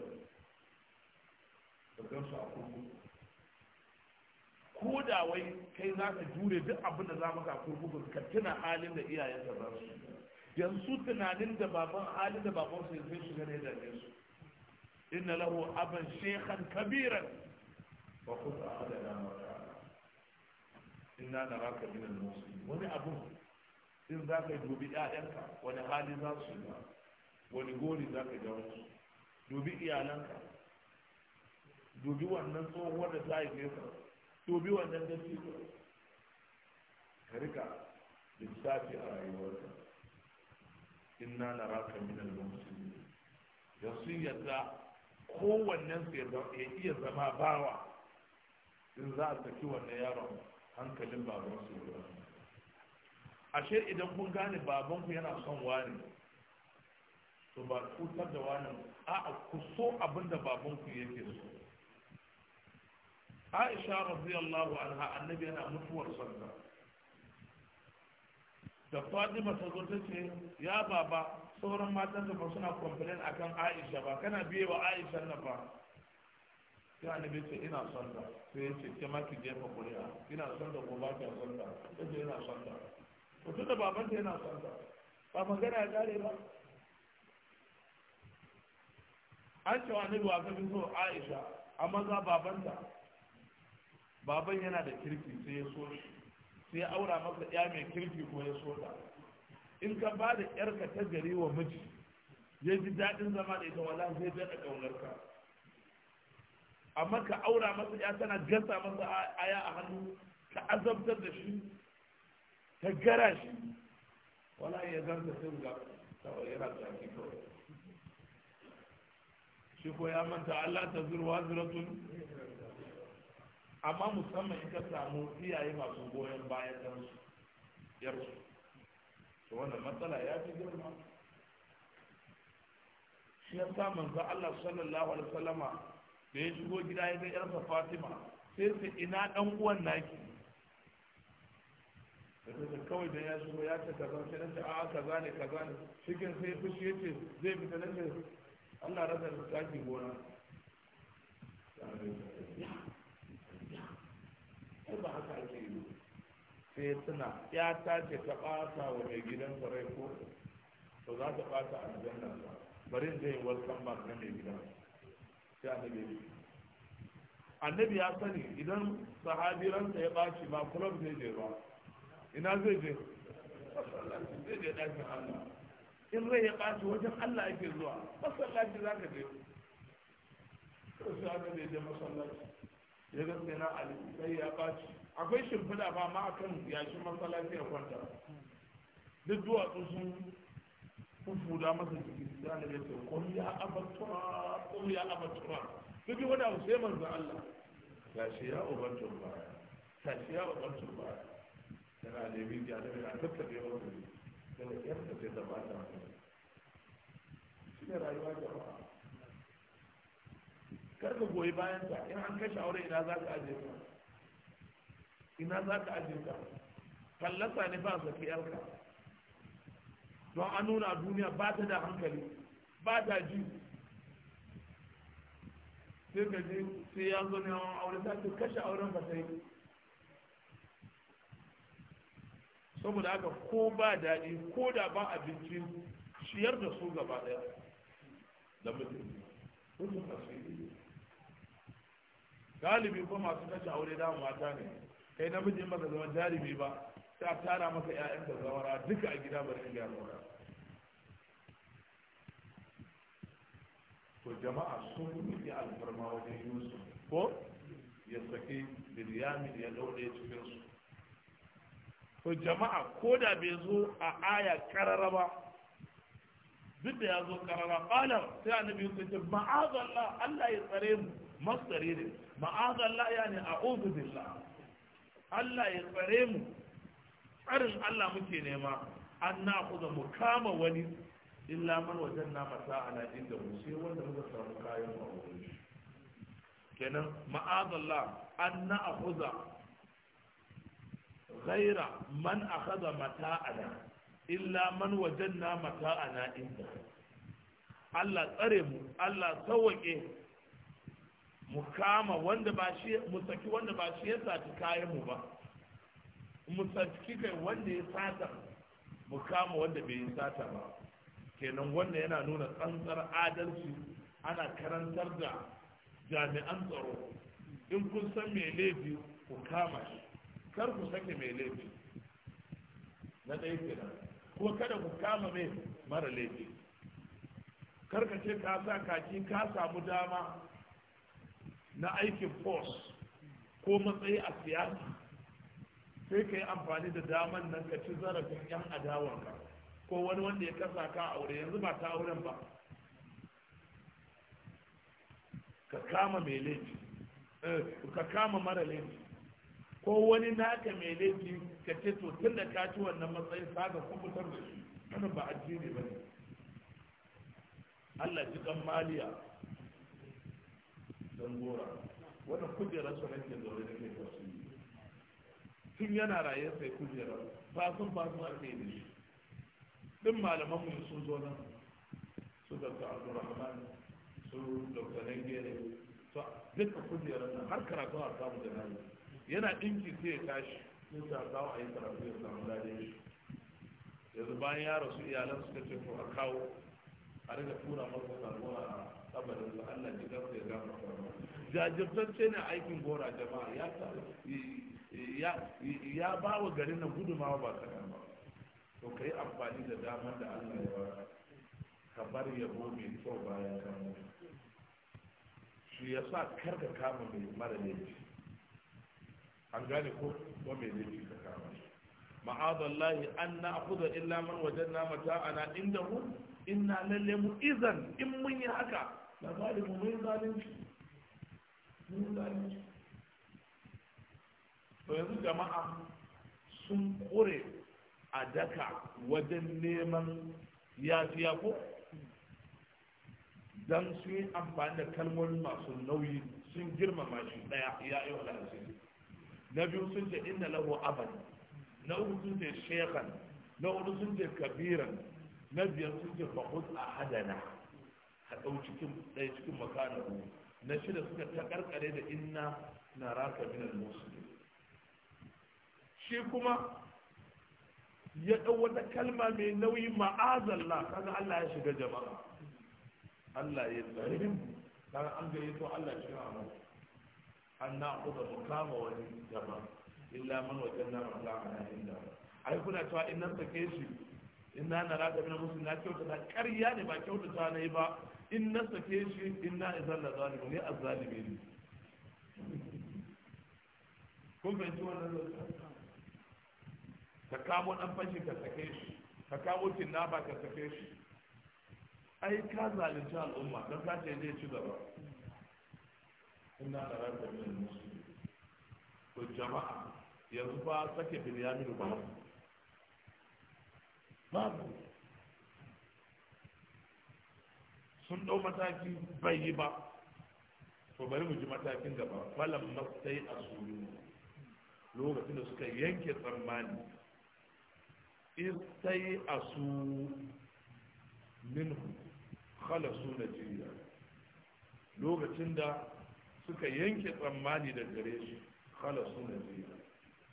ka gan su a kurkuku ko da wai kai za ka jure duk abin da za maka a kurkuku ka tuna halin da ka za su yanzu tunanin da baban hali da baban sai zai shiga ne da su inna lahu aban shekhan kabiran wa khudha ahadana wa inna naraka min al-muslimin wani abu in za ka dubi ƴaƴanka wani hali za su yi wani gori za ka ga wani dubi iyalanka dubi wannan tsohuwar da ta haife ka dubi wannan dattijo ka rika lissafi a rayuwarka inna na raka min al da su yadda kowannen su ya iya zama bawa in za a saki wannan yaron hankalin baban su ashe idan kun gane baban ku yana son wani to ba kutar da wani a'a ku so abinda baban ku yake so aisha radiyallahu anha annabi yana mutuwar sanda da fatima masu zo ce ya baba sauran matan da ba suna complain kan aisha ba kana biye wa aisha na ba ne bai ce ina son sai ya ce ke ma ki jefa kuri'a ina son ko ba ki son ta ce ina son mutum da baban ta yana son ba magana ya kare ba an cewa ne wa ka so aisha amma za babanta baban yana da kirki sai ya so shi sai aura masa ya mai kirki ko ya soka in ka ba da yarka ta gari wa miji ya ji daɗin zama da ita wala zai daɗa ƙaunarka amma ka aura masa ya tana gasa masa aya a hannu ka azabtar da shi ta gara shi wala ya zanta sun ga tawa yana tsaki kawai shi ko ya manta Allah ta zurwa zuratun amma musamman in ka samu iyaye masu goyon bayan yar su to wannan matsala ya fi girma shi ya sa manzo Allah sallallahu alaihi wasallama da ya shigo gida ya ga yarsa Fatima sai su ina dan uwan naki da kawai da ya shigo ya ce kaza sai nace a kaza ne kaza ne cikin sai fushi yace zai fita nace Allah rasa da taki gona shi ba haka ake yi sai tuna ya tace ta ɓata wa mai gidan sarai ko to za ta ɓata a gidan nan ba bari zai welcome back na mai gidan sai annabi annabi ya sani idan sahabiransa ya ɓaci ba club zai je ba ina zai je zai je ɗakin Allah in rai ya ɓaci wajen Allah ake zuwa masallaci za ka je ko sai annabi ya je masallaci ya ga a na sai ya ɓaci akwai shimfiɗa ba ma a kan yashin masallaci a kwanta duk duwatsu sun fufuda masa jiki da ne da kun ya abatura kun ya abatura duk wanda sai manzo Allah gashi ya ubantu ba gashi ya ubantu ba Yana da bi ya da na tattabe wa da yar da ta bata shi ne rayuwa jama'a kar ka goyi bayan ta in an kashe aure ina za ka aje ta ina za ka aje ta fallasa ne ba saki yarka don an nuna duniya ba ta da hankali ba ta ji sai ka ji sai ya zo ne wani aure ta ce kashe auren ba ta yi saboda haka ko ba daɗi ko da ba abinci ciyar da su gaba ɗaya da mutum galibi ko masu kashe aure da mata ne kai namijin maka zama jarumi ba ta tara maka ƴaƴan da zawara duka a gida bari in gyara ba to jama'a sun yi alfarma wajen yusu ko ya saki bilyamin ya daure cikin su to jama'a ko da bai zo a aya karara ba duk da ya zo karara ƙalar sai annabi yusuf ma'azallah Allah ya tsare mu masare ne ma'azallah ya ne a billah Allah ya tsare mu tsarin Allah muke nema an na kuza mu kama wani illa man wajen na mata a ana inda mu sai wanda muka samu kayan a wurin kenan ma'azallah an na akuza ghaira man a mata a na. illa man wajen na mata a na inda Allah tsare mu Allah sauwaƙe mu kama wanda ba shi mu saki wanda ba shi ya saki kayan mu ba mu saki kai wanda ya sata mu kama wanda bai sata ba kenan wannan yana nuna tsantsar adalci ana karantar da jami'an tsaro in kun san mai laifi ku kama shi kar ku sake mai laifi na ɗaya kenan kuma kada ku kama mai mara laifi kar ka ce ka sa kaki ka samu dama na aikin force ko matsayi a siyasa sai ka yi amfani da daman nan ka ci zarafin yan adawarka ko wani wanda ya kasa ka aure yanzu ba ta auren ba ka kama mai laifi eh, ka kama mara laifi ko wani naka mai laifi ka ce to tun da ka ci wannan matsayin ga kubutar da shi wannan ba addini ba ne Allah ji kan maliya don gora wannan kujerar su nake zaune da ke tafsiri tun yana raye sai kujerar ba sun ba sun ake yi din malaman mu sun zo nan su dr abdurrahman su dr nangere to duka kujerar nan har karatu a samu da nan yana dinki sai ya tashi sai ta kawo a yi karatu ya samu da shi yanzu bayan yaro su iyalan suka ce ko a kawo a riga tura masa a kabarin su Allah ji gafa ya jajirtacce ne aikin gora jama'a ya ba wa garin nan gudumawa ba kaɗan ba to ka yi amfani da damar da Allah ya ka bar yabo mai kyau bayan ka su ya sa kar ka kama mai mara laifi an gane ko ko mai laifi ka kama shi ma'adallahi an na akuda illa man wajen na ana inda mu inna lalle mu izan in mun yi haka da zalimu mun zalunci mun zalunci to yanzu jama'a sun kure a daka wajen neman yafiya ko dan sun yi amfani da kalmomi masu nauyi sun girmama shi daya ya yi wa na biyu sun ce inna lahu abad na uku sun ce shekhan na hudu sun ce kabiran na biyar sun ce fahud a hadana ka ɗau cikin ɗaya cikin makanahu na shida suka ta karkare da inna na raka minal musulmi shi kuma ya ɗau wata kalma mai nauyi ma'azalla kaga Allah ya shiga jama'a Allah ya tsare kaga an gayyato Allah shi a an na kuka mu kama wani jama'a illa man wajen na mata a inda ai kuna cewa in nan sake shi inna na raka min musu na kyauta da ƙarya ne ba kyauta ta na yi ba in na sake shi inna izan da zalimu ne a zalime ne kun fahimci wannan zalimi ka kamo ɗan fashi ka sake shi ka kamo ba ka sake shi ai ka zalunci al'umma don ka ce zai ci gaba inna na raka min musu to jama'a yanzu ba sake bilyaminu ba babu sun ɗau matakin bai yi ba to bari mu ji matakin gaba Falon mastai a suru lokacin da suka yanke tsammani istai a su minhu khalasu najeriya lokacin da suka yanke tsammani da gare shi na najeriya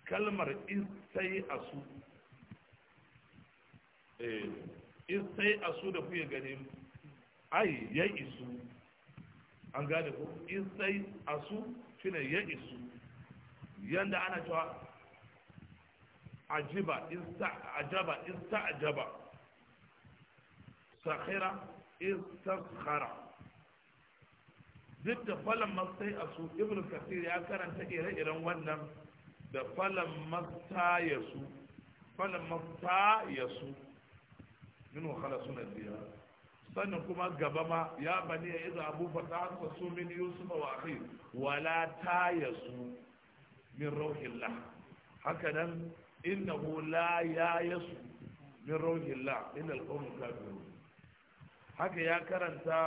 kalmar istai a su Eh, in sai a su da kuke ganin ai ya isu an gane ko in sai a su shine ya isu yanda ana cewa ajiba ajaba ajaba sakhira istakhara duk da falon mastai a su ibn kasir ya karanta ire-iren wannan da falon masta ya su falon masta ya su minhu khalasuna diyar sannan kuma gaba ma ya bani ya iza abu fata su min yusuf wa akhi wala tayasu min rauhillah haka nan innahu la yayasu min rauhillah illa al-qawmul kafirun haka ya karanta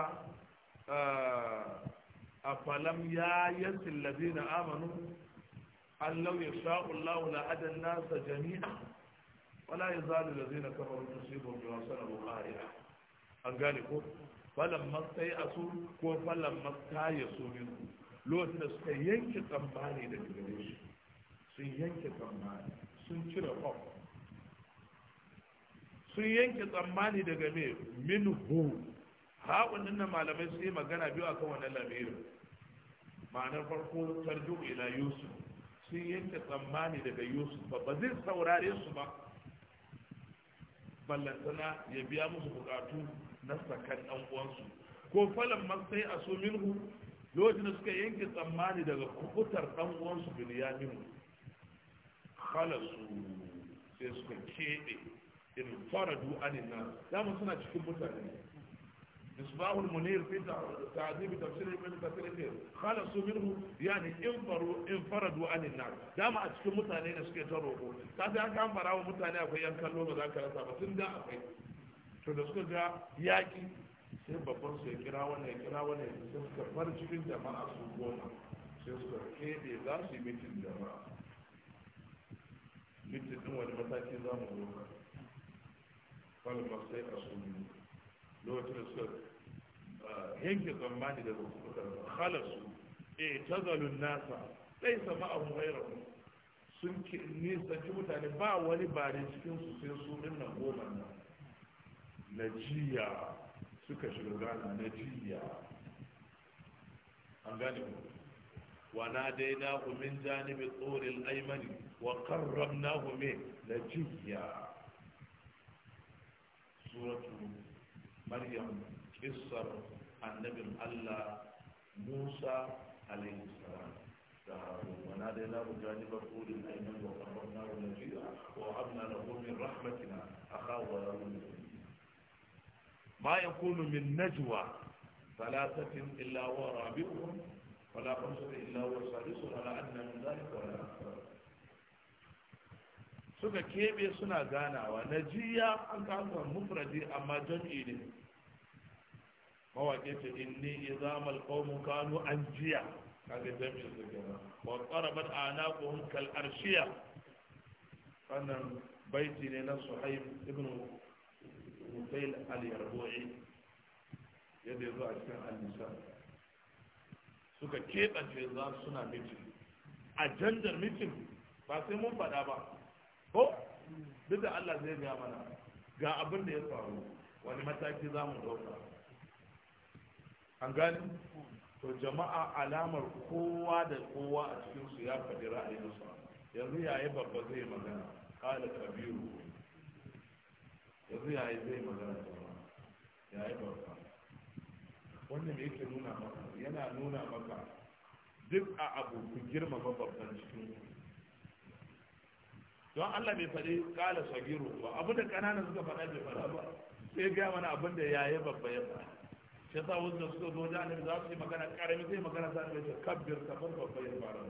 a falam ya yasil ladina amanu an law yasha'u Allah nasa jami'a wala ya zalu da zai na kafar tusibun da wasu na bukariya an gane ko falon matsayi a su ko falon matsayi su minu lokacin da suka yanke tsammani da gare shi sun yanke tsammani sun cire kwam sun yanke tsammani daga me min hu haƙunin na malamai su yi magana biyu a wannan lamirin ma'anar farko tarjum ila yusuf sun yanke tsammani daga yusuf ba ba zai saurare su ba ballantana ya biya musu bukatu na sakan ɗan uwansu ko falan masai a so minhu lokacin da suka yanke tsammani daga kubutar ɗan uwansu bilyaminu khalasu sai suka keɓe in faradu anina dama suna cikin mutane مصباح المنير في تعذيب تفسير ابن كثير غير خلصوا منه يعني انفروا انفردوا عن النار داما a cikin mutane da suke ta roƙo ka sai an kan barawa mutane akwai yan kallo ba za ba tun da akwai to da suka ga yaƙi sai babban su ya kira wannan ya kira wannan ya sai cikin jama'a su goma sai suka keɓe za su yi mitin jama'a mitin wani mataki za mu zo ka falmar sai a su biyu lokacin da suka ah, yanke tsammani da suka halasu e eh, tazalun nasa dai sama a huwairarmu sun nisanci mutane ba wani bare cikin su sai su dinna goma Na najiya suka shiga gana najiya an gane ku. wa na dai na min janibi tsorin aimani wa karram na min najiya suratu maryam isar annabin allah musa alaihi salam da wana da yana bujani ba kudin ainihin wa karbar na wani na rahmatina a kawo ما يكون من نجوى ثلاثة إلا ورابعهم ولا خمسة إلا وسادسهم على أن من ذلك ولا أكثر suka keɓe suna ganawa Na jiya an kasa mufradi amma jam'i ne Mawaƙe ce inni izamal qawmu kanu an jiya kaga jam'i su kenan wa qarabat anaqum kal arshiya wannan baiti ne na suhaib ibn Husayl al-Yarbu'i yadda ya zo a cikin al-Nisa suka keɓance za suna mitin janjar mitin ba sai mun faɗa ba ko duk da Allah zai gaya mana ga abin da ya faru wani mataki za mu dauka an gani to jama'a alamar kowa da kowa a cikin su ya faɗi ra'ayinsa yanzu yayi babba zai magana kala kabiru yanzu yayi zai magana yayi babba wannan me yake nuna maka yana nuna maka duk a abu ku girmama babban cikin don Allah bai faɗi kala sabiru ba abu da ƙananan suka faɗa bai faɗa ba sai gaya mana abin da yi babba ya faɗa shi sa da suka zo da annabi za su yi magana karami sai magana sa su ce kabbir kafar babba ya fara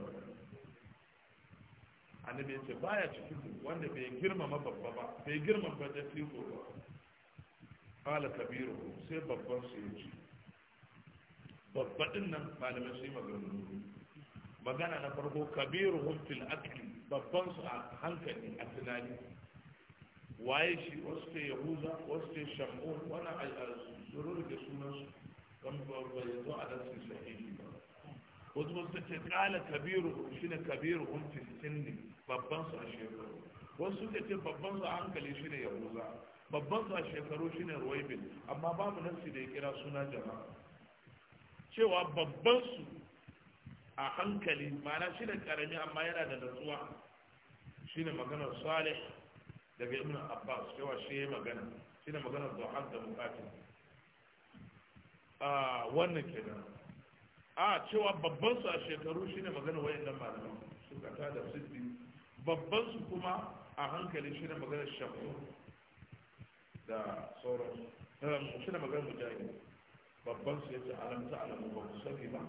annabi ce baya cikin wanda bai girmama babba ba bai girmama da fiko ba kala kabiru sai babban su yi babba din nan malamin su yi magana magana na farko Kabiru fil akli babban su a hankali a tunani waye shi wasu ke yahuza wasu ke shamun wani al'adurur da sunan su don ba ya zo a nasu sahihi ba wasu wasu ce kala kabiru shi ne kabiru hun sinni babban su a shekaru wasu ke ce babban su a hankali shi ne yahuza babban su a shekaru shi ne ruwaibin amma babu su da ya kira suna jama'a cewa babban su a hankali ma'ana shi da karami amma yana da natsuwa shi ne maganar salih daga ibn abbas cewa shi ya magana shi ne maganar zuhar da bukatin a wannan ke kenan a cewa babban su a shekaru shi ne maganar wayannan malaman suka ta da sisi. babban su kuma a hankali shi ne maganar shafu da sauransu shi ne maganar mujahid babban su ya ce alamta alamu ba ku sani ba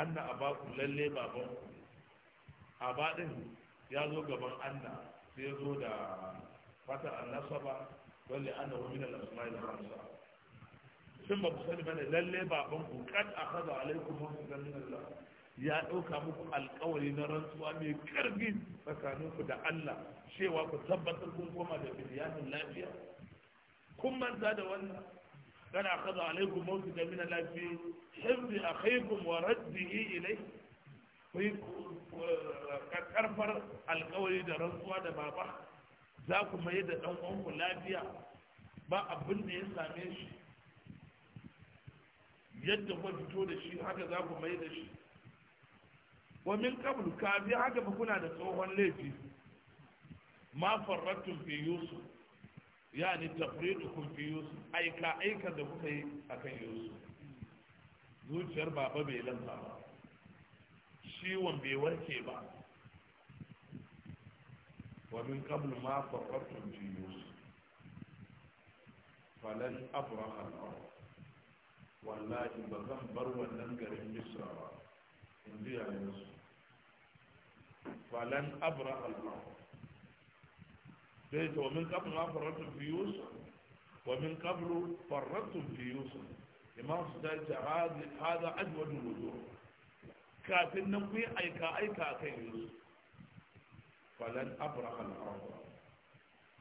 anna abaku lalle baban a ya zo gaban anna sai ya zo da fata annasaba dole anna wa min al-asma'il khamsa sun ba sani bane lalle baban ku kad akhadha alaikum min Allah ya dauka muku alƙawari na rantsuwa mai karfi tsakanin ku da Allah cewa ku tabbatar kun koma da biyanin lafiya kun manta da wannan kada akhadha alaykum mawqitan min Allah fi hifzi akhikum wa raddihi ilayhi kai karfar alkawari da rantsuwa da baba za ku mai da dan lafiya ba abin ya same shi yadda ku fito da shi haka za ku mai da shi wa min qabl haka ba kuna da tsohon laifi ma farrattum fi yusuf yani tafridukum fi yusuf aika aika da kuka yi akan yusuf zuciyar baba bai lanta ba ciwon bai warke ba wa min qablu ma faqartum fi yusuf falan abraha al-ard wallahi ba zan bar wannan garin misra ba in ji yayin su falan abraha al-ard فإذا ومن قبل ما في يوسف ومن قبل فردتم في يوسف إمام ستالت هذا أجود الوجوه كافر نقوي أي كاي أكي يوسف فلن أبرح الأرض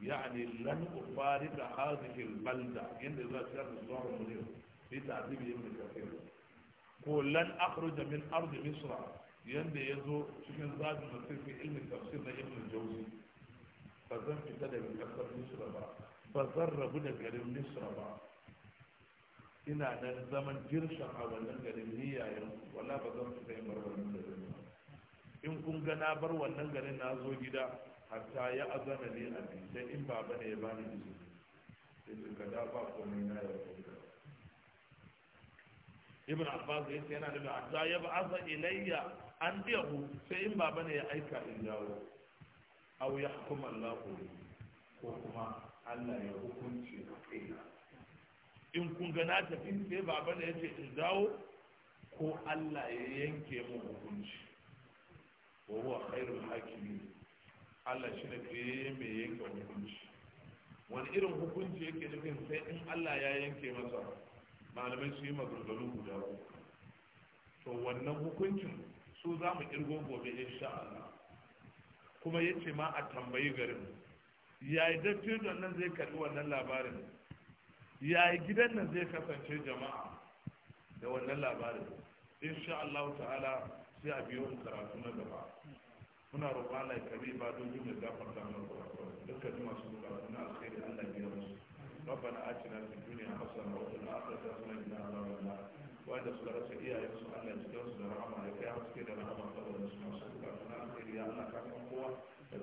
يعني لن أفارق هذه البلدة عند الله سيارة الزهر المنير في تعذيب يمن كثير قول لن أخرج من أرض مصر يندي يزور شكل زاد المنطق في علم التفسير لإبن الجوزي ba zan fita daga kasar misra ba ba zan rabu da garin misra ba ina nan zaman jirshin a wannan garin niyayen wala ba zan fita yin bar da garin ba in kun ga na bar wannan garin na zo gida hatta ya azana ne a sai in baba ne ya bani da su sai su ka dafa ba komai na yau ibn abbas ya ce yana da hatta ya ba ba'aza ilayya an biya sai in baba ne ya aika in dawo aw kuma Allahu ko kuma Allah ya hukunci kaina in kun ga na tafi sai baba da yace in dawo ko Allah ya yanke mu hukunci wa huwa khairul hakimin Allah shi ne mai yanke hukunci wani irin hukunci yake nufin sai in Allah ya yanke masa malamai su yi maganganu guda to wannan hukuncin su za mu kirgo gobe insha Allah kuma ya ce ma a tambayi garin yayi dattijon nan zai karɓi wannan labarin yayi gidan nan zai kasance jama'a da wannan labarin insha Allah ta'ala sai a biyo mu karatu na gaba muna roƙon Allah ya karbi ba don jin da gafarta mana dukkan masu karatu na alheri Allah ya biya musu ربنا آتنا في الدنيا حسنة وفي الآخرة حسنة وقنا عذاب النار وأن